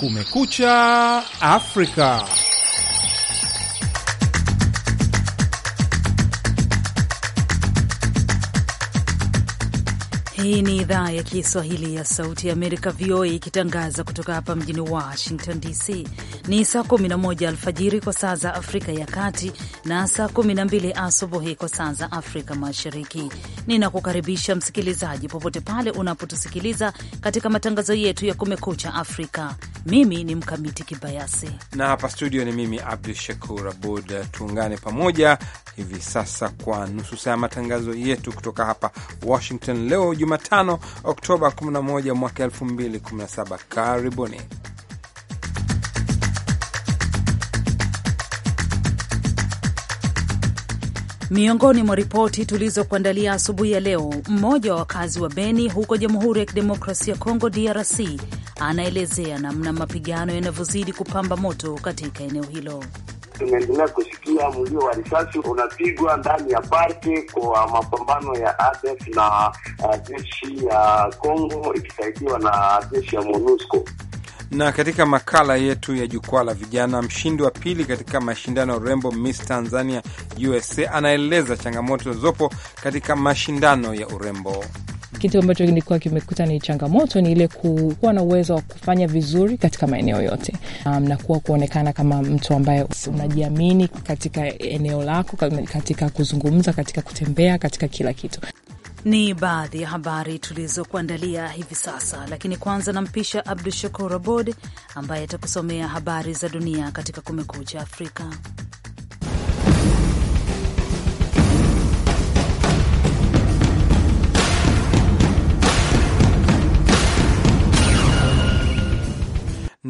Kumekucha Afrika. Hii ni idhaa ya Kiswahili ya Sauti ya Amerika, VOA, ikitangaza kutoka hapa mjini Washington DC. Ni saa 11 alfajiri kwa saa za Afrika ya Kati na saa 12 asubuhi kwa saa za Afrika Mashariki. Ninakukaribisha msikilizaji, popote pale unapotusikiliza katika matangazo yetu ya Kumekucha Afrika. Mimi ni Mkamiti Kibayasi na hapa studio ni mimi Abdu Shakur Abud. Tuungane pamoja hivi sasa kwa nusu saa ya matangazo yetu kutoka hapa Washington leo Jumatano, Oktoba 11 mwaka 2017. Karibuni. Miongoni mwa ripoti tulizokuandalia asubuhi ya leo, mmoja wa wakazi wa Beni huko Jamhuri ya Kidemokrasia ya Kongo, DRC, anaelezea namna mapigano yanavyozidi kupamba moto katika eneo hilo tumeendelea kusikia mlio wa risasi unapigwa ndani ya parke kwa mapambano ya ADF na uh, jeshi ya Kongo ikisaidiwa na jeshi ya MONUSCO. Na katika makala yetu ya jukwaa la vijana, mshindi wa pili katika mashindano ya urembo Miss Tanzania USA anaeleza changamoto zopo katika mashindano ya urembo kitu ambacho nilikuwa kimekuta ni changamoto ni ile kuwa na uwezo wa kufanya vizuri katika maeneo yote, um, na kuwa kuonekana kama mtu ambaye unajiamini katika eneo lako, katika kuzungumza, katika kutembea, katika kila kitu. Ni baadhi ya habari tulizokuandalia hivi sasa, lakini kwanza nampisha Abdu Shakur Abod ambaye atakusomea habari za dunia katika Kumekucha Afrika.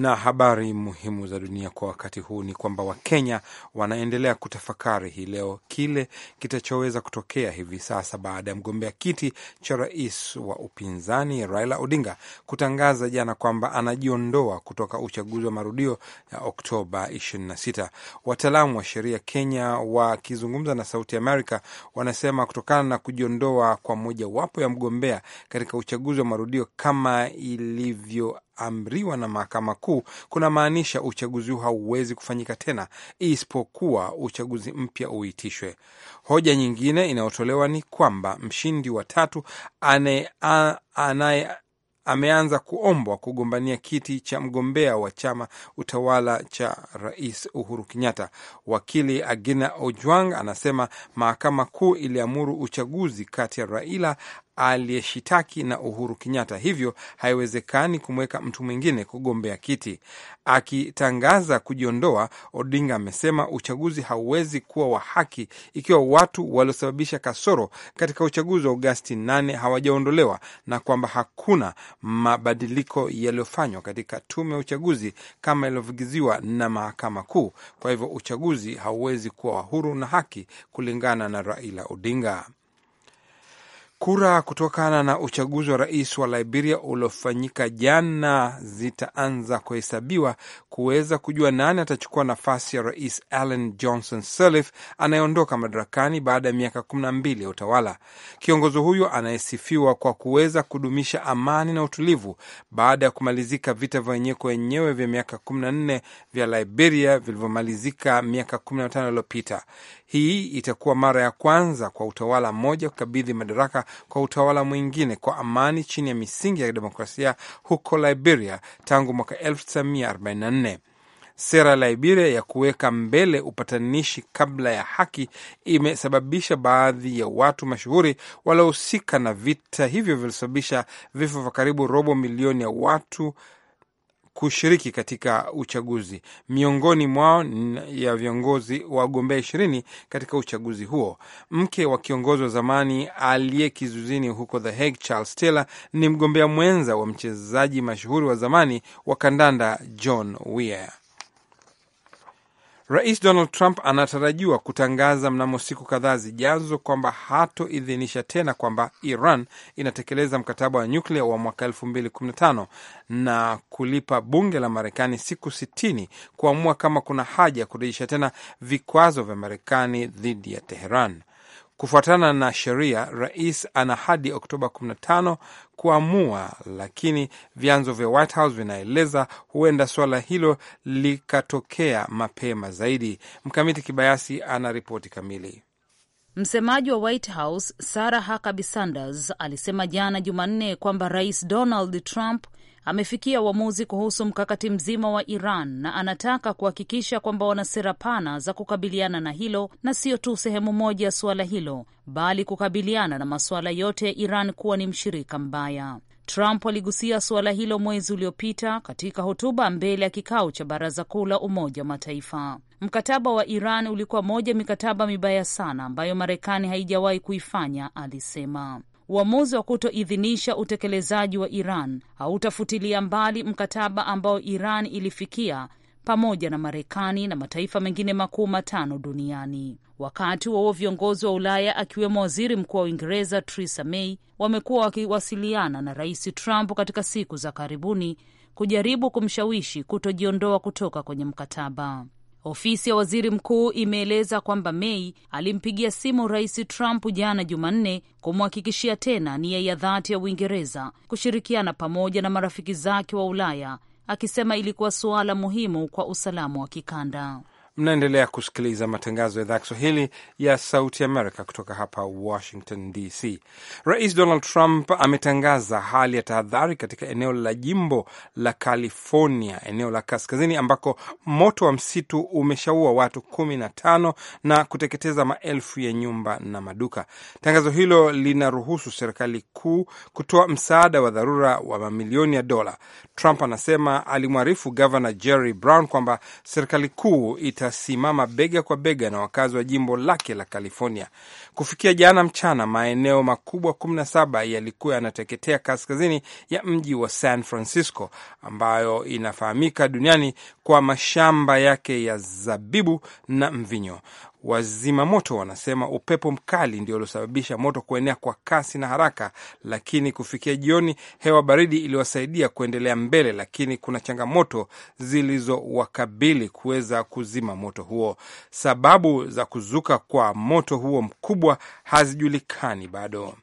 Na habari muhimu za dunia kwa wakati huu ni kwamba Wakenya wanaendelea kutafakari hii leo kile kitachoweza kutokea hivi sasa baada ya mgombea kiti cha rais wa upinzani Raila Odinga kutangaza jana kwamba anajiondoa kutoka uchaguzi wa marudio ya Oktoba 26. Wataalamu wa sheria Kenya wakizungumza na Sauti Amerika wanasema kutokana na kujiondoa kwa mojawapo ya mgombea katika uchaguzi wa marudio kama ilivyo kuamriwa na mahakama kuu kunamaanisha uchaguzi huu hauwezi kufanyika tena isipokuwa uchaguzi mpya uitishwe. Hoja nyingine inayotolewa ni kwamba mshindi wa tatu anaye ameanza kuombwa kugombania kiti cha mgombea wa chama utawala cha Rais Uhuru Kenyatta. Wakili Agina Ojwang anasema mahakama kuu iliamuru uchaguzi kati ya Raila aliyeshitaki na Uhuru Kenyatta, hivyo haiwezekani kumweka mtu mwingine kugombea kiti. Akitangaza kujiondoa, Odinga amesema uchaguzi hauwezi kuwa wa haki ikiwa watu waliosababisha kasoro katika uchaguzi wa Agosti 8 hawajaondolewa na kwamba hakuna mabadiliko yaliyofanywa katika tume ya uchaguzi kama ilivyoagiziwa na mahakama kuu. Kwa hivyo uchaguzi hauwezi kuwa wa huru na haki kulingana na Raila Odinga. Kura kutokana na uchaguzi wa rais wa Liberia uliofanyika jana zitaanza kuhesabiwa kuweza kujua nani atachukua nafasi ya rais Alan Johnson Sirleaf anayeondoka madarakani baada ya miaka kumi na mbili ya utawala. Kiongozi huyo anayesifiwa kwa kuweza kudumisha amani na utulivu baada ya kumalizika vita vya wenyewe kwa wenyewe vya miaka kumi na nne vya Liberia vilivyomalizika miaka kumi na tano iliyopita. Hii itakuwa mara ya kwanza kwa utawala mmoja kukabidhi madaraka kwa utawala mwingine kwa amani chini ya misingi ya demokrasia huko Liberia tangu mwaka 1944. Sera ya Liberia ya kuweka mbele upatanishi kabla ya haki imesababisha baadhi ya watu mashuhuri waliohusika na vita hivyo vilisababisha vifo vya karibu robo milioni ya watu kushiriki katika uchaguzi. Miongoni mwao ya viongozi wagombea ishirini katika uchaguzi huo, mke wa kiongozi wa zamani aliye kizuizini huko The Hague, Charles Taylor, ni mgombea mwenza wa mchezaji mashuhuri wa zamani wa kandanda John Weir. Rais Donald Trump anatarajiwa kutangaza mnamo siku kadhaa zijazo kwamba hatoidhinisha tena kwamba Iran inatekeleza mkataba wa nyuklia wa mwaka 2015 na kulipa bunge la Marekani siku 60 kuamua kama kuna haja ya kurejesha tena vikwazo vya Marekani dhidi ya Teheran. Kufuatana na sheria, rais ana hadi Oktoba 15 kuamua, lakini vyanzo vya White House vinaeleza huenda suala hilo likatokea mapema zaidi. Mkamiti Kibayasi ana ripoti kamili. Msemaji wa White House Sarah Huckabee Sanders alisema jana Jumanne kwamba rais Donald Trump amefikia uamuzi kuhusu mkakati mzima wa Iran na anataka kuhakikisha kwamba wana sera pana za kukabiliana na hilo na sio tu sehemu moja ya suala hilo, bali kukabiliana na masuala yote ya Iran kuwa ni mshirika mbaya. Trump aligusia suala hilo mwezi uliopita katika hotuba mbele ya kikao cha baraza kuu la Umoja wa Mataifa. Mkataba wa Iran ulikuwa moja mikataba mibaya sana ambayo Marekani haijawahi kuifanya, alisema. Uamuzi wa kutoidhinisha utekelezaji wa Iran hautafutilia mbali mkataba ambao Iran ilifikia pamoja na Marekani na mataifa mengine makuu matano duniani. Wakati huo viongozi wa Ulaya akiwemo waziri mkuu wa Uingereza Theresa May wamekuwa wakiwasiliana na Rais Trump katika siku za karibuni kujaribu kumshawishi kutojiondoa kutoka kwenye mkataba. Ofisi ya waziri mkuu imeeleza kwamba Mei alimpigia simu Rais Trump jana Jumanne kumhakikishia tena nia ya dhati ya Uingereza kushirikiana pamoja na marafiki zake wa Ulaya, akisema ilikuwa suala muhimu kwa usalama wa kikanda. Mnaendelea kusikiliza matangazo ya idhaa ya Kiswahili ya Sauti Amerika kutoka hapa Washington DC. Rais Donald Trump ametangaza hali ya tahadhari katika eneo la jimbo la California, eneo la kaskazini ambako moto wa msitu umeshaua watu kumi na tano na kuteketeza maelfu ya nyumba na maduka. Tangazo hilo linaruhusu serikali kuu kutoa msaada wa dharura wa mamilioni ya dola. Trump anasema alimwarifu gavana Jerry Brown kwamba serikali kuu ita wanasimama bega kwa bega na wakazi wa jimbo lake la California. Kufikia jana mchana, maeneo makubwa 17 yalikuwa yanateketea kaskazini ya mji wa San Francisco, ambayo inafahamika duniani kwa mashamba yake ya zabibu na mvinyo. Wazima moto wanasema upepo mkali ndio uliosababisha moto kuenea kwa kasi na haraka, lakini kufikia jioni hewa baridi iliwasaidia kuendelea mbele, lakini kuna changamoto zilizowakabili kuweza kuzima moto huo. Sababu za kuzuka kwa moto huo mkubwa hazijulikani bado.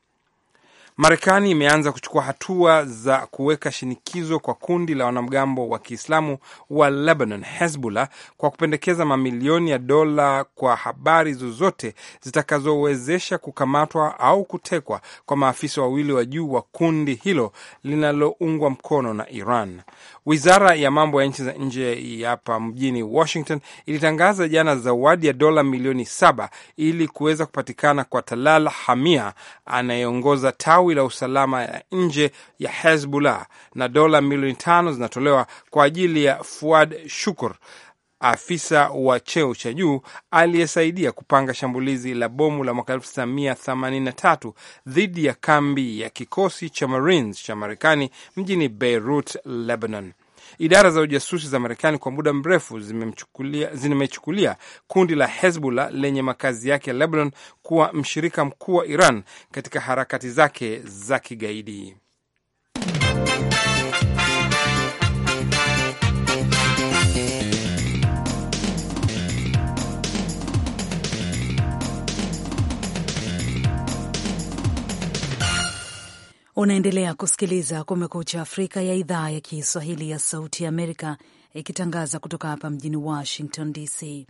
Marekani imeanza kuchukua hatua za kuweka shinikizo kwa kundi la wanamgambo wa Kiislamu wa Lebanon, Hezbollah, kwa kupendekeza mamilioni ya dola kwa habari zozote zitakazowezesha kukamatwa au kutekwa kwa maafisa wawili wa juu wa kundi hilo linaloungwa mkono na Iran. Wizara ya mambo ya nchi za nje hapa mjini Washington ilitangaza jana zawadi ya dola milioni saba ili kuweza kupatikana kwa Talal Hamia anayeongoza tawi la usalama ya nje ya Hezbollah, na dola milioni tano zinatolewa kwa ajili ya Fuad Shukur afisa wa cheo cha juu aliyesaidia kupanga shambulizi la bomu la mwaka 1983 dhidi ya kambi ya kikosi cha Marines cha Marekani mjini Beirut, Lebanon. Idara za ujasusi za Marekani kwa muda mrefu zimechukulia kundi la Hezbollah lenye makazi yake Lebanon kuwa mshirika mkuu wa Iran katika harakati zake za kigaidi. Unaendelea kusikiliza Kumekucha Afrika ya idhaa ya Kiswahili ya Sauti ya Amerika ikitangaza kutoka hapa mjini Washington DC.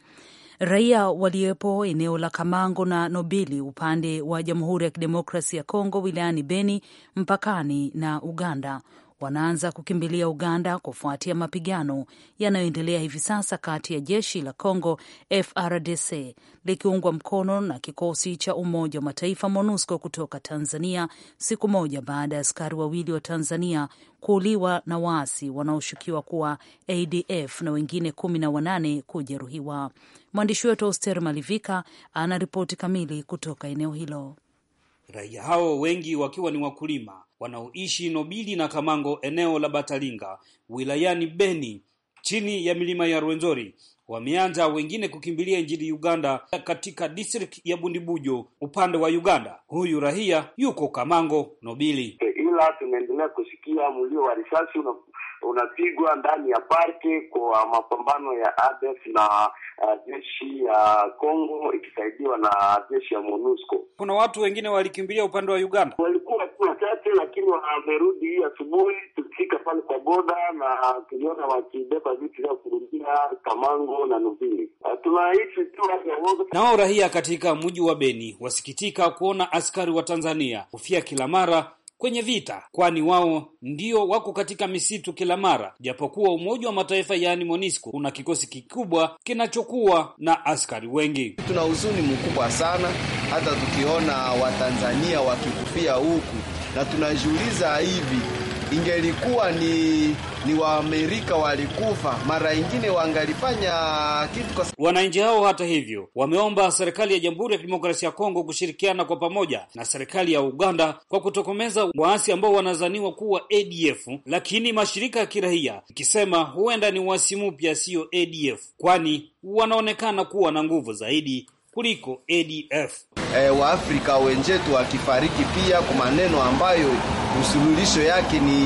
Raia waliopo eneo la Kamango na Nobili upande wa Jamhuri ya Kidemokrasi ya Kongo wilayani Beni mpakani na Uganda wanaanza kukimbilia Uganda kufuatia mapigano yanayoendelea hivi sasa kati ya jeshi la Congo FRDC likiungwa mkono na kikosi cha Umoja wa Mataifa MONUSCO kutoka Tanzania, siku moja baada ya askari wawili wa Tanzania kuuliwa na waasi wanaoshukiwa kuwa ADF na wengine kumi na wanane kujeruhiwa. Mwandishi wetu Auster Malivika ana ripoti kamili kutoka eneo hilo. Raia hao wengi wakiwa ni wakulima wanaoishi Nobili na Kamango eneo la Batalinga wilayani Beni chini ya milima ya Rwenzori wameanza wengine kukimbilia nchini Uganda katika district ya Bundibujo upande wa Uganda. Huyu rahia yuko Kamango Nobili. Ila tumeendelea kusikia mlio wa risasi unapigwa ndani ya parke kwa mapambano ya ADF na uh, jeshi ya congo Kongo ikisaidiwa na jeshi ya MONUSCO. Kuna watu wengine walikimbilia upande wa Uganda, walikuwa tu wachache, lakini wamerudi hii asubuhi. Tulifika pale kwa boda na tuliona wakibeba vitu vya kurudia Kamango na Nubili. Eh, Tunaishi tu nao. Rahia katika mji wa Beni wasikitika kuona askari wa Tanzania kufia kila mara kwenye vita, kwani wao ndio wako katika misitu kila mara, japokuwa Umoja wa Mataifa yaani MONUSCO una kikosi kikubwa kinachokuwa na askari wengi. Tuna huzuni mkubwa sana, hata tukiona Watanzania wakikufia huku, na tunajiuliza hivi ingelikuwa ni, ni Waamerika walikufa, mara ingine wangalifanya kitu kwa... Wananchi hao hata hivyo wameomba serikali ya Jamhuri ya Kidemokrasia ya Kongo kushirikiana kwa pamoja na serikali ya Uganda kwa kutokomeza waasi ambao wanazaniwa kuwa ADF, lakini mashirika ya kiraia ikisema huenda ni waasi mpya, siyo ADF, kwani wanaonekana kuwa na nguvu zaidi kuliko ADF. E, Waafrika wenzetu wakifariki pia kwa maneno ambayo usuluhisho yake ni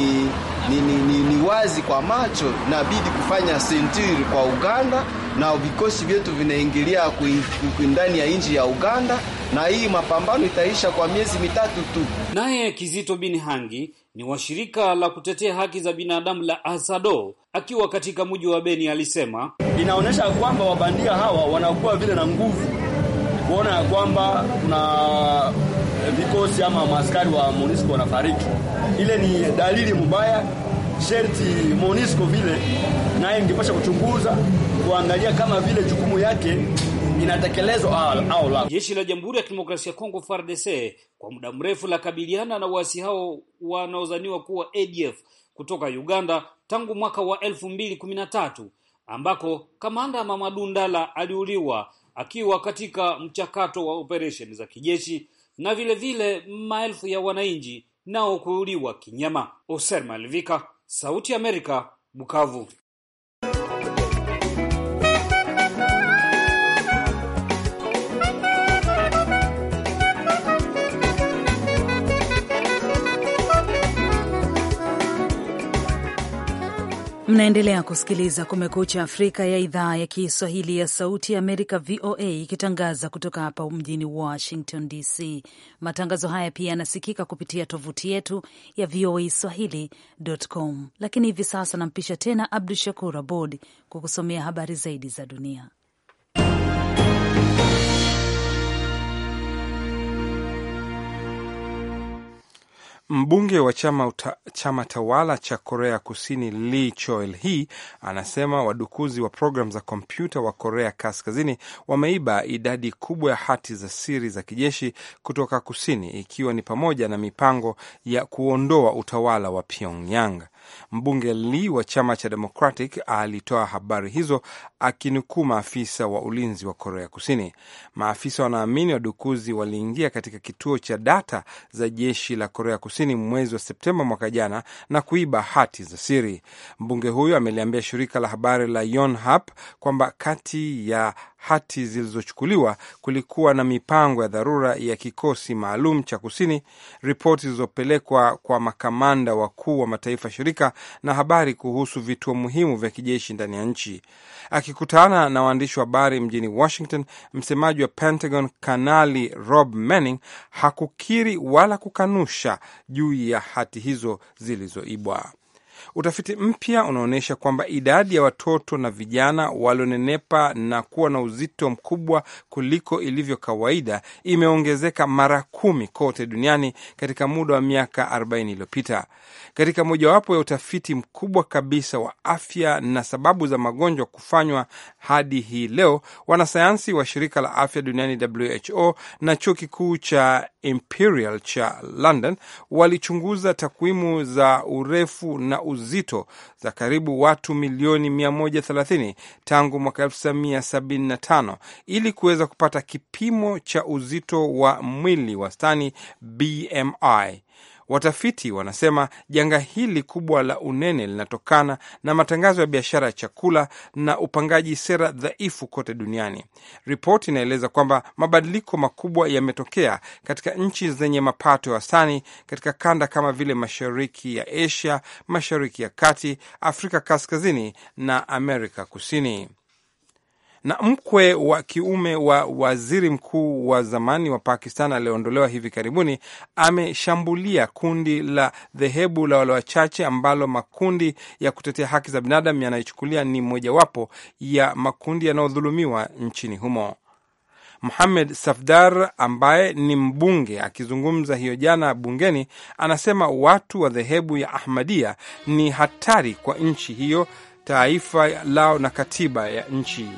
ni, ni, ni, ni wazi kwa macho, inabidi kufanya sentiri kwa Uganda na vikosi vyetu vinaingilia ndani ya nchi ya Uganda, na hii mapambano itaisha kwa miezi mitatu tu. Naye Kizito bin Hangi ni wa shirika la kutetea haki za binadamu la Asado akiwa katika mji wa Beni alisema, inaonyesha kwamba wabandia hawa wanakuwa vile na nguvu kuona ya kwamba kuna eh, vikosi ama maskari wa MONUSCO wanafariki. Ile ni dalili mbaya, sherti MONUSCO vile naye ingepasha kuchunguza kuangalia kama vile jukumu yake inatekelezwa au la. Jeshi la Jamhuri ya Kidemokrasia ya Kongo FARDC kwa muda mrefu la kabiliana na waasi hao wanaozaniwa kuwa ADF kutoka Uganda tangu mwaka wa elfu mbili kumi na tatu ambako kamanda Mamadu Ndala aliuliwa akiwa katika mchakato wa operesheni za kijeshi na vile vile maelfu ya wananchi nao kuuliwa kinyama. Oser Malivika, Sauti ya Amerika, Bukavu. Mnaendelea kusikiliza Kumekucha Afrika ya idhaa ya Kiswahili ya Sauti ya Amerika, VOA, ikitangaza kutoka hapa mjini Washington DC. Matangazo haya pia yanasikika kupitia tovuti yetu ya VOA Swahili.com. Lakini hivi sasa nampisha tena Abdu Shakur Abod kukusomea habari zaidi za dunia. Mbunge wa chama, uta, chama tawala cha Korea Kusini Lee Choel Hee anasema wadukuzi wa programu za kompyuta wa Korea Kaskazini wameiba idadi kubwa ya hati za siri za kijeshi kutoka Kusini, ikiwa ni pamoja na mipango ya kuondoa utawala wa Pyongyang. Mbunge Lee wa chama cha Democratic alitoa habari hizo akinukuu maafisa wa ulinzi wa Korea Kusini. Maafisa wanaamini wadukuzi waliingia katika kituo cha data za jeshi la Korea Kusini mwezi wa Septemba mwaka jana na kuiba hati za siri. Mbunge huyo ameliambia shirika la habari la Yonhap kwamba kati ya hati zilizochukuliwa, kulikuwa na mipango ya dharura ya kikosi maalum cha kusini, ripoti zilizopelekwa kwa makamanda wakuu wa mataifa shirika na habari kuhusu vituo muhimu vya kijeshi ndani ya nchi. Akikutana na waandishi wa habari mjini Washington, msemaji wa Pentagon Kanali Rob Manning hakukiri wala kukanusha juu ya hati hizo zilizoibwa. Utafiti mpya unaonyesha kwamba idadi ya watoto na vijana walionenepa na kuwa na uzito mkubwa kuliko ilivyo kawaida imeongezeka mara kumi kote duniani katika muda wa miaka 40 iliyopita. Katika mojawapo ya utafiti mkubwa kabisa wa afya na sababu za magonjwa kufanywa hadi hii leo, wanasayansi wa shirika la afya duniani WHO na chuo kikuu cha Imperial cha London walichunguza takwimu za urefu na uzito uzito za karibu watu milioni 130 tangu mwaka 1975 ili kuweza kupata kipimo cha uzito wa mwili wastani BMI. Watafiti wanasema janga hili kubwa la unene linatokana na matangazo ya biashara ya chakula na upangaji sera dhaifu kote duniani. Ripoti inaeleza kwamba mabadiliko makubwa yametokea katika nchi zenye mapato ya wastani katika kanda kama vile mashariki ya Asia, mashariki ya kati, Afrika kaskazini na Amerika kusini na mkwe wa kiume wa waziri mkuu wa zamani wa Pakistan aliyeondolewa hivi karibuni ameshambulia kundi la dhehebu la wale wachache ambalo makundi ya kutetea haki za binadamu yanayochukulia ni mojawapo ya makundi yanayodhulumiwa nchini humo. Muhamed Safdar ambaye ni mbunge akizungumza hiyo jana bungeni, anasema watu wa dhehebu ya Ahmadia ni hatari kwa nchi hiyo, taifa lao na katiba ya nchi.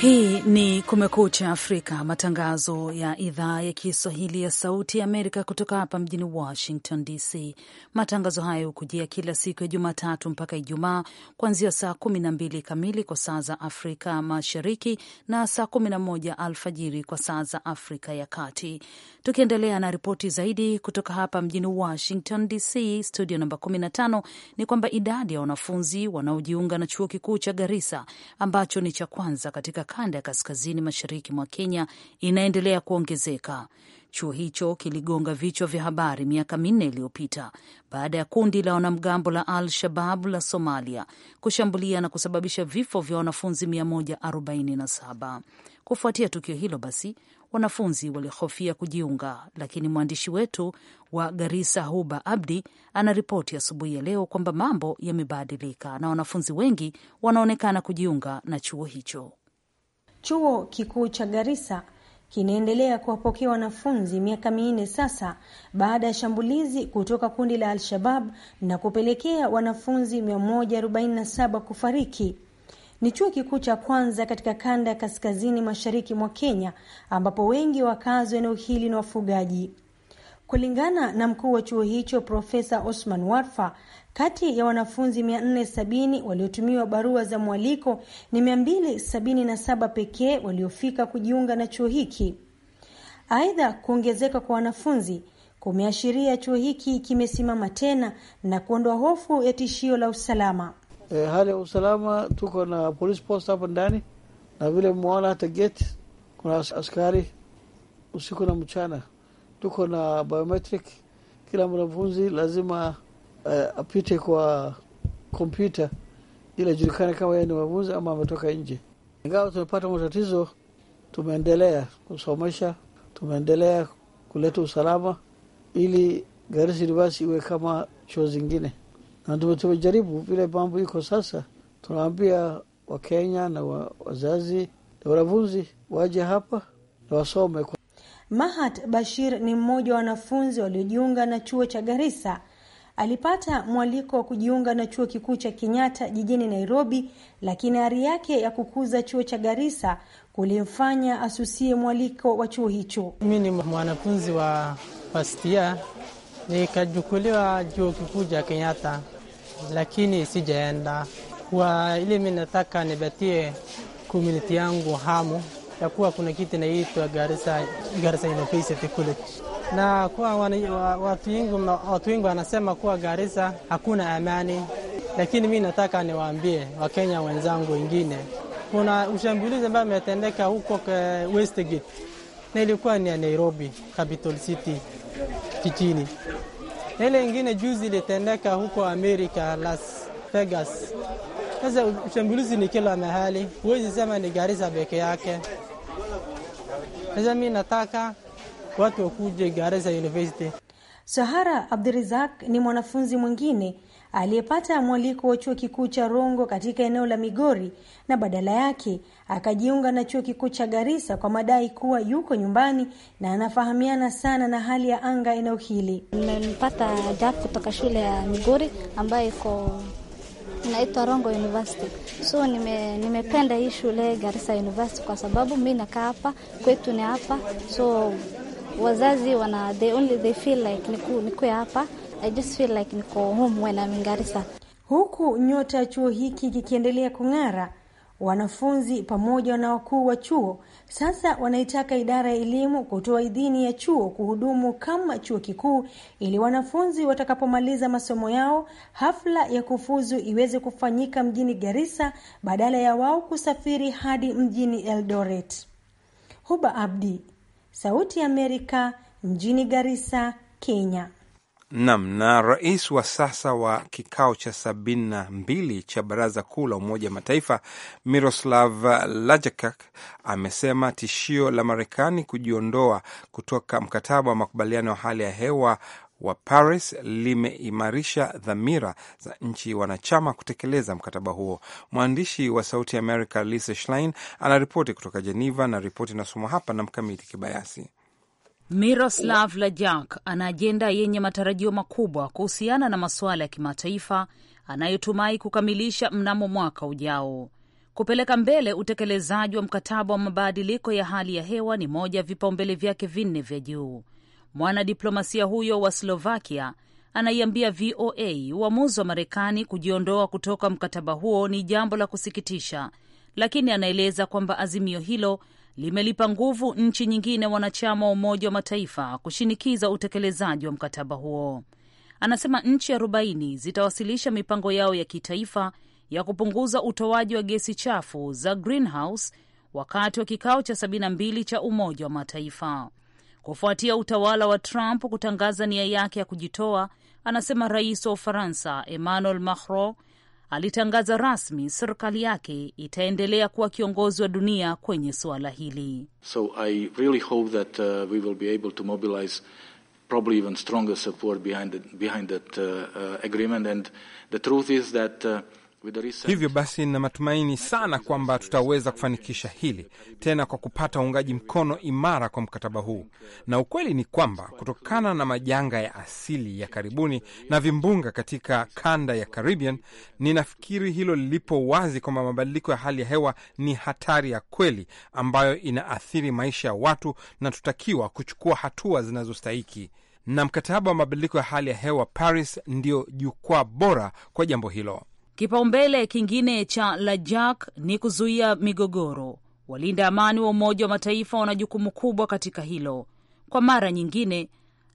Hii ni Kumekucha Afrika, matangazo ya idhaa ya Kiswahili ya Sauti ya Amerika kutoka hapa mjini Washington DC. Matangazo hayo hukujia kila siku ya Jumatatu mpaka Ijumaa, kuanzia saa mbili kamili kwa saa za Afrika Mashariki na saa moja alfajiri kwa saa za Afrika ya Kati. Tukiendelea na ripoti zaidi kutoka hapa mjini Washington DC, studio namba 15, ni kwamba idadi ya wanafunzi wanaojiunga na chuo kikuu cha Garissa ambacho ni cha kwanza katika kanda ya kaskazini mashariki mwa Kenya inaendelea kuongezeka. Chuo hicho kiligonga vichwa vya habari miaka minne iliyopita baada ya kundi la wanamgambo la Al Shabab la Somalia kushambulia na kusababisha vifo vya wanafunzi 147. Kufuatia tukio hilo, basi wanafunzi walihofia kujiunga, lakini mwandishi wetu wa Garisa Huba Abdi, anaripoti asubuhi ya leo kwamba mambo yamebadilika na wanafunzi wengi wanaonekana kujiunga na chuo hicho. Chuo Kikuu cha Garissa kinaendelea kuwapokea wanafunzi miaka minne sasa baada ya shambulizi kutoka kundi la Al-Shabab na kupelekea wanafunzi 147 kufariki. Ni chuo kikuu cha kwanza katika kanda ya kaskazini mashariki mwa Kenya ambapo wengi wakazi wa eneo hili ni wafugaji. Kulingana na mkuu wa chuo hicho Profesa Osman Warfa, kati ya wanafunzi 470 waliotumiwa barua za mwaliko ni 277 pekee waliofika kujiunga na chuo hiki. Aidha, kuongezeka kwa wanafunzi kumeashiria chuo hiki kimesimama tena na kuondoa hofu ya tishio la usalama. E, hali ya usalama tuko na police post hapo ndani, na vile mmeona hata gate kuna askari usiku na mchana. Tuko na biometric, kila mwanafunzi lazima uh, apite kwa kompyuta ili ajulikane kama yeye ni mwamuzi ama ametoka nje. Ingawa tumepata matatizo, tumeendelea kusomesha, tumeendelea kuleta usalama ili Garissa University iwe kama chuo zingine, na tumejaribu vile mambo iko sasa. Tunawaambia Wakenya na wa, wazazi na wanafunzi waje hapa na wasome. Mahat Bashir ni mmoja wa wanafunzi waliojiunga na chuo cha Garissa alipata mwaliko wa kujiunga na chuo kikuu cha Kenyatta jijini Nairobi, lakini ari yake ya kukuza chuo cha Garissa kulimfanya asusie mwaliko wa chuo hicho. Mi ni mwanafunzi wa pastia nikachukuliwa chuo kikuu cha Kenyatta, lakini sijaenda kwa ile. mi nataka nibatie komuniti yangu hamu ya kuwa kuna kitu inaitwa Garissa Garissa University College na kuwa watu wengi wanasema kuwa Garissa hakuna amani, lakini mi nataka niwaambie Wakenya wenzangu wengine, kuna ushambulizi ambayo ametendeka huko Westgate na ilikuwa ni ya Nairobi capital city kijini, na ile ingine juzi ilitendeka huko Amerika Las Vegas. Sasa ushambulizi ni kila mahali, huwezi sema ni Garissa peke yake. Sasa mi nataka watu wakuje Garissa University. Sahara Abdirizak ni mwanafunzi mwingine aliyepata mwaliko wa chuo kikuu cha Rongo katika eneo la Migori na badala yake akajiunga na chuo kikuu cha Garissa kwa madai kuwa yuko nyumbani na anafahamiana sana na hali ya anga eneo hili. Nimepata job kutoka shule ya Migori ambayo iko inaitwa Rongo University. So nime, nimependa hii shule Garissa University kwa sababu mi nakaa hapa kwetu ni hapa so wazazi wana they only they feel like niku niku hapa I just feel like niko home when I'm in Garissa. Huku nyota ya chuo hiki kikiendelea kung'ara, wanafunzi pamoja na wakuu wa chuo sasa wanaitaka idara ya elimu kutoa idhini ya chuo kuhudumu kama chuo kikuu ili wanafunzi watakapomaliza masomo yao, hafla ya kufuzu iweze kufanyika mjini Garissa badala ya wao kusafiri hadi mjini Eldoret. Huba Abdi, Sauti ya Amerika mjini Garissa, Kenya. Nam na rais wa sasa wa kikao cha sabini na mbili cha baraza kuu la Umoja Mataifa Miroslav Lajcak amesema tishio la Marekani kujiondoa kutoka mkataba wa makubaliano ya hali ya hewa wa Paris limeimarisha dhamira za nchi wanachama kutekeleza mkataba huo. Mwandishi wa Sauti ya Amerika Lisa Schlein anaripoti kutoka Jeneva, na ripoti inasomwa hapa na Mkamiti Kibayasi. Miroslav Lajak ana ajenda yenye matarajio makubwa kuhusiana na masuala ya kimataifa anayotumai kukamilisha mnamo mwaka ujao. Kupeleka mbele utekelezaji wa mkataba wa mabadiliko ya hali ya hewa ni moja ya vipaumbele vyake vinne vya juu. Mwanadiplomasia huyo wa Slovakia anaiambia VOA uamuzi wa Marekani kujiondoa kutoka mkataba huo ni jambo la kusikitisha, lakini anaeleza kwamba azimio hilo limelipa nguvu nchi nyingine wanachama wa Umoja wa Mataifa kushinikiza utekelezaji wa mkataba huo. Anasema nchi arobaini zitawasilisha mipango yao ya kitaifa ya kupunguza utoaji wa gesi chafu za greenhouse wakati wa kikao cha 72 cha Umoja wa Mataifa kufuatia utawala wa Trump kutangaza nia yake ya kujitoa. Anasema rais wa Ufaransa Emmanuel Macron alitangaza rasmi serikali yake itaendelea kuwa kiongozi wa dunia kwenye suala hili. So I really hope that uh, we will be able to mobilize probably even stronger support behind, the, behind that uh, uh, agreement and the truth is that uh, Hivyo basi, na matumaini sana kwamba tutaweza kufanikisha hili tena kwa kupata uungaji mkono imara kwa mkataba huu. Na ukweli ni kwamba kutokana na majanga ya asili ya karibuni na vimbunga katika kanda ya Caribbean, ninafikiri hilo lilipo wazi kwamba mabadiliko ya hali ya hewa ni hatari ya kweli ambayo inaathiri maisha ya watu na tutakiwa kuchukua hatua zinazostahiki na mkataba wa mabadiliko ya hali ya hewa Paris ndiyo jukwaa bora kwa jambo hilo. Kipaumbele kingine cha LAJAK ni kuzuia migogoro. Walinda amani wa Umoja wa Mataifa wana jukumu kubwa katika hilo. Kwa mara nyingine,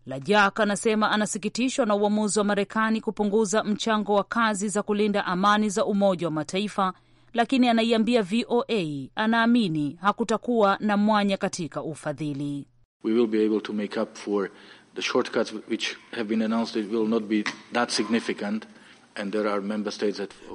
LAJAK anasema anasikitishwa na uamuzi wa Marekani kupunguza mchango wa kazi za kulinda amani za Umoja wa Mataifa, lakini anaiambia VOA anaamini hakutakuwa na mwanya katika ufadhili. We will be able to make up for the shortcuts which have been announced. It will not be that significant.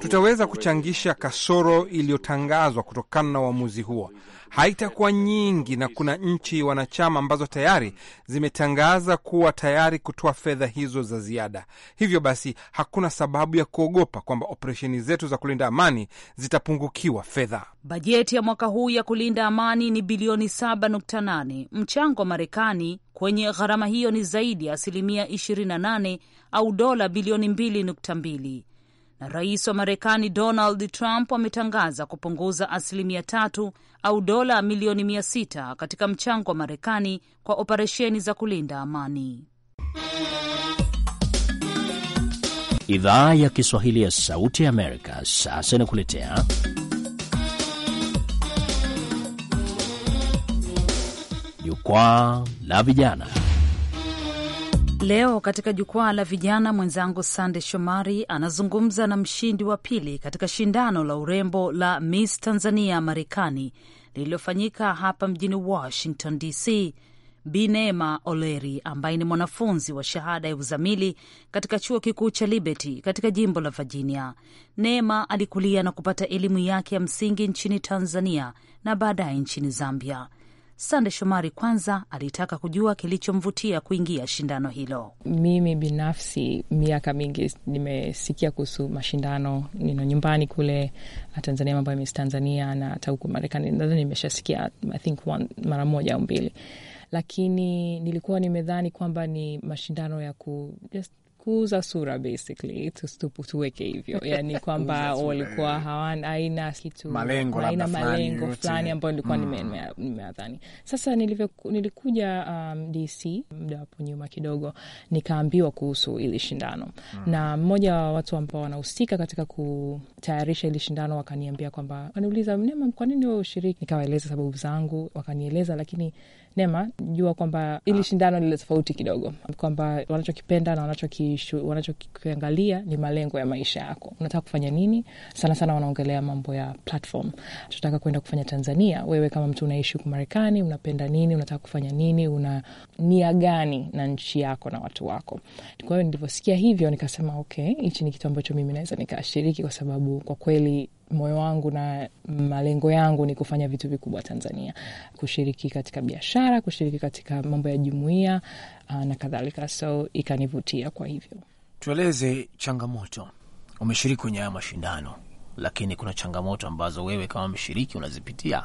Tutaweza kuchangisha kasoro iliyotangazwa kutokana na uamuzi huo haitakuwa nyingi, na kuna nchi wanachama ambazo tayari zimetangaza kuwa tayari kutoa fedha hizo za ziada. Hivyo basi, hakuna sababu ya kuogopa kwamba operesheni zetu za kulinda amani zitapungukiwa fedha. Bajeti ya mwaka huu ya kulinda amani ni bilioni 7.8. Mchango wa Marekani kwenye gharama hiyo ni zaidi ya asilimia 28 au dola bilioni 2.2 na rais wa Marekani Donald Trump ametangaza kupunguza asilimia tatu au dola milioni mia sita katika mchango wa Marekani kwa operesheni za kulinda amani. Idhaa ya Kiswahili ya Sauti ya Amerika sasa inakuletea jukwaa la vijana. Leo katika jukwaa la vijana, mwenzangu Sande Shomari anazungumza na mshindi wa pili katika shindano la urembo la Miss Tanzania Marekani lililofanyika hapa mjini Washington DC, Binema Oleri ambaye ni mwanafunzi wa shahada ya uzamili katika chuo kikuu cha Liberty katika jimbo la Virginia. Neema alikulia na kupata elimu yake ya msingi nchini Tanzania na baadaye nchini Zambia. Sande Shomari kwanza alitaka kujua kilichomvutia kuingia shindano hilo. Mimi binafsi miaka mingi nimesikia kuhusu mashindano nino nyumbani kule uh, Tanzania, mambo ya Miss Tanzania na hata huku Marekani nadhani nimeshasikia I think mara moja au mbili, lakini nilikuwa nimedhani kwamba ni mashindano ya ku just kuuza sura basically tuweke hivyo, yani kwamba walikuwa eh. hawana aina kitu malengo, aina malengo fulani ambayo nilikuwa mm. nimeadhani. Sasa nilikuja um, DC muda wapo nyuma kidogo, nikaambiwa kuhusu ili shindano mm. na mmoja wa watu ambao wanahusika katika kutayarisha ili shindano wakaniambia kwamba, waniuliza Nema, kwa nini wewe ushiriki? Nikawaeleza sababu zangu, wakanieleza lakini Nema, jua kwamba ili ah. shindano lile tofauti kidogo, kwamba wanachokipenda na wanachoki wanachokiangalia ni malengo ya maisha yako, unataka kufanya nini? Sana sana wanaongelea mambo ya platform, tunataka kwenda kufanya Tanzania. Wewe kama mtu unaishi huku Marekani, unapenda nini? Unataka kufanya nini? Una nia gani na nchi yako na watu wako? Kwa hiyo nilivyosikia hivyo nikasema okay, hichi ni kitu ambacho mimi naweza nikashiriki, kwa sababu kwa kweli moyo wangu na malengo yangu ni kufanya vitu vikubwa Tanzania, kushiriki katika biashara, kushiriki katika mambo ya jumuia ah, na kadhalika, so ikanivutia. Kwa hivyo, tueleze changamoto. Umeshiriki kwenye haya mashindano, lakini kuna changamoto ambazo wewe kama mshiriki unazipitia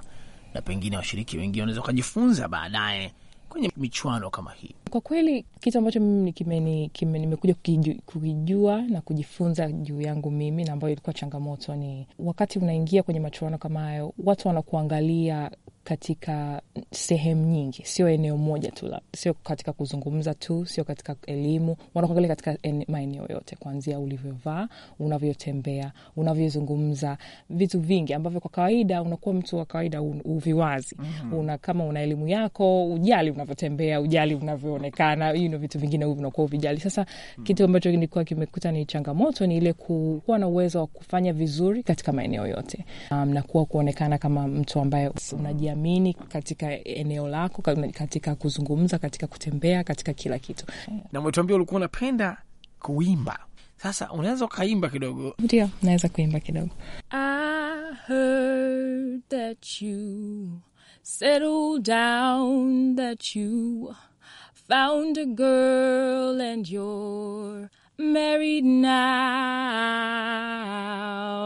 na pengine washiriki wengine wanaweza ukajifunza baadaye kwenye michuano kama hii. Kwa kweli kitu ambacho mimi nimekuja kukijua na kujifunza juu yangu mimi na ambayo ilikuwa changamoto ni wakati unaingia kwenye machuano kama hayo, watu wanakuangalia katika sehemu nyingi, sio eneo moja tu, sio katika kuzungumza tu, sio katika elimu, wanakuangalia katika maeneo yote, kuanzia ulivyovaa, unavyotembea, unavyozungumza, vitu vingi ambavyo kwa kawaida unakuwa mtu wa kawaida uviwazi. mm -hmm. Una, kama una elimu yako, ujali unavyotembea, ujali unavyoonekana, you know, vitu vingine hivi vinakuwa uvijali. Sasa mm -hmm. kitu ambacho nilikuwa kimekuta ni changamoto ni ile kuwa na uwezo wa kufanya vizuri katika maeneo yote, um, na kuwa kuonekana kama mtu ambaye unajiamini kujiamini katika eneo lako, katika kuzungumza, katika kutembea, katika kila kitu. Na umetuambia ulikuwa unapenda kuimba. Sasa unaweza ukaimba kidogo? Ndio, naweza kuimba kidogo. I heard that you settled down, that you found a girl and you're married now.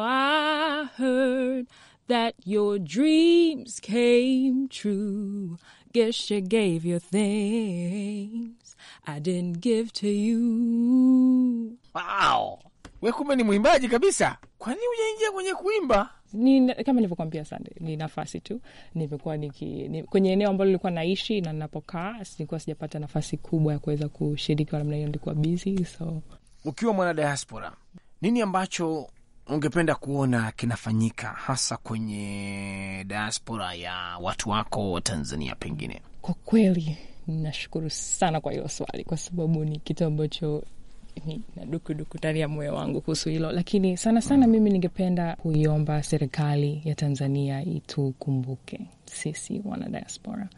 I heard that your dreams came true. Guess you gave your things I didn't give to you. Wow. We kumbe ni mwimbaji kabisa. Kwa nini hujaingia kwenye kuimba? Ni, kama nilivyokwambia Sande, ni nafasi tu nimekuwa niki ni, kwenye eneo ambalo nilikuwa naishi na ninapokaa nilikuwa sijapata nafasi kubwa ya kuweza kushiriki wa namna hiyo, nilikuwa busy. So ukiwa mwana diaspora, nini ambacho ungependa kuona kinafanyika hasa kwenye diaspora ya watu wako wa Tanzania? Pengine kwa kweli nashukuru sana kwa hilo swali, kwa sababu ni kitu ambacho na dukuduku ndani ya moyo wangu kuhusu hilo, lakini sana sana mm. mimi ningependa kuiomba serikali ya Tanzania itukumbuke sisi wana diaspora.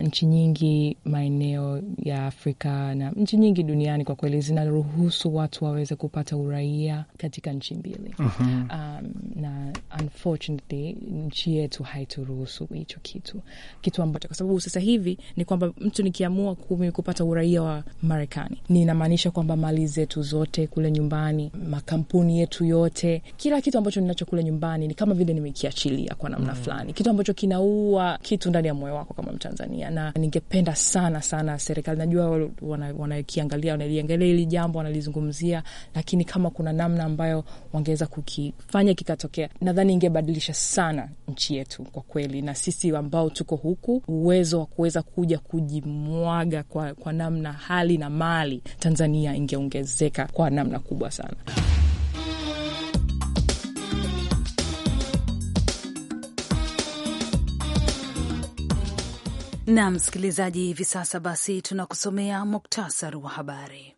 Nchi nyingi maeneo ya Afrika na nchi nyingi duniani kwa kweli zinaruhusu watu waweze kupata uraia katika nchi mbili. mm -hmm. Um, na unfortunately nchi yetu haituruhusu hicho kitu, kitu ambacho kwa sababu sasa hivi ni kwamba mtu nikiamua kumi kupata uraia wa Marekani ninamaanisha kwamba mali zetu zote kule nyumbani, makampuni yetu yote, kila kitu ambacho ninacho kule nyumbani ni kama vile nimekiachilia kwa namna mm -hmm. fulani, kitu ambacho kinau kuwa kitu ndani ya moyo wako kama Mtanzania, na ningependa sana sana serikali, najua wanakiangalia wana wanaliangalia hili jambo wanalizungumzia, lakini kama kuna namna ambayo wangeweza kukifanya kikatokea, nadhani ingebadilisha sana nchi yetu kwa kweli, na sisi ambao tuko huku, uwezo wa kuweza kuja kujimwaga kwa, kwa namna hali na mali Tanzania ingeongezeka kwa namna kubwa sana. Na msikilizaji, hivi sasa basi tunakusomea muktasari wa habari.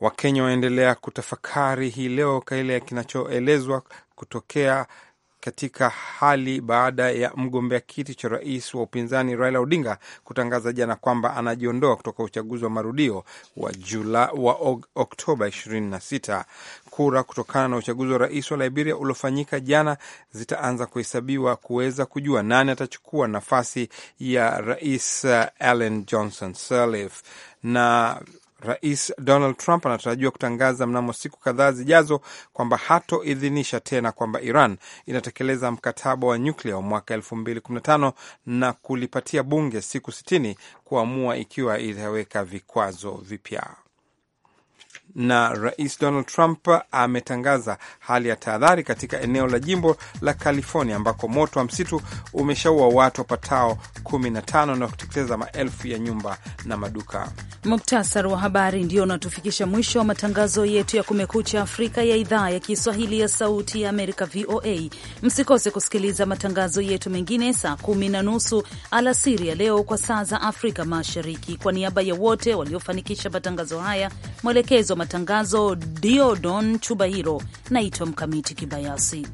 Wakenya waendelea kutafakari hii leo kile kinachoelezwa kutokea katika hali baada ya mgombea kiti cha rais wa upinzani Raila Odinga kutangaza jana kwamba anajiondoa kutoka uchaguzi wa marudio wa, jula, wa Oktoba 26. Kura kutokana na uchaguzi wa rais wa Liberia uliofanyika jana zitaanza kuhesabiwa kuweza kujua nani atachukua nafasi ya rais Ellen uh, Johnson Sirleaf na Rais Donald Trump anatarajiwa kutangaza mnamo siku kadhaa zijazo kwamba hatoidhinisha tena kwamba Iran inatekeleza mkataba wa nyuklia wa mwaka 2015 na kulipatia bunge siku 60 kuamua ikiwa itaweka vikwazo vipya na Rais Donald Trump ametangaza hali ya tahadhari katika eneo la jimbo la California ambako moto wa msitu umeshaua watu wapatao 15 na kuteketeza maelfu ya nyumba na maduka. muktasar wa habari ndio unatufikisha mwisho wa matangazo yetu ya Kumekucha Afrika ya idhaa ya Kiswahili ya Sauti ya Amerika, VOA. Msikose kusikiliza matangazo yetu mengine saa kumi na nusu alasiri ya leo kwa saa za Afrika Mashariki. Kwa niaba ya wote waliofanikisha matangazo haya, mwelekezo wa matangazo Diodon Chubahiro. Naitwa Mkamiti Kibayasi.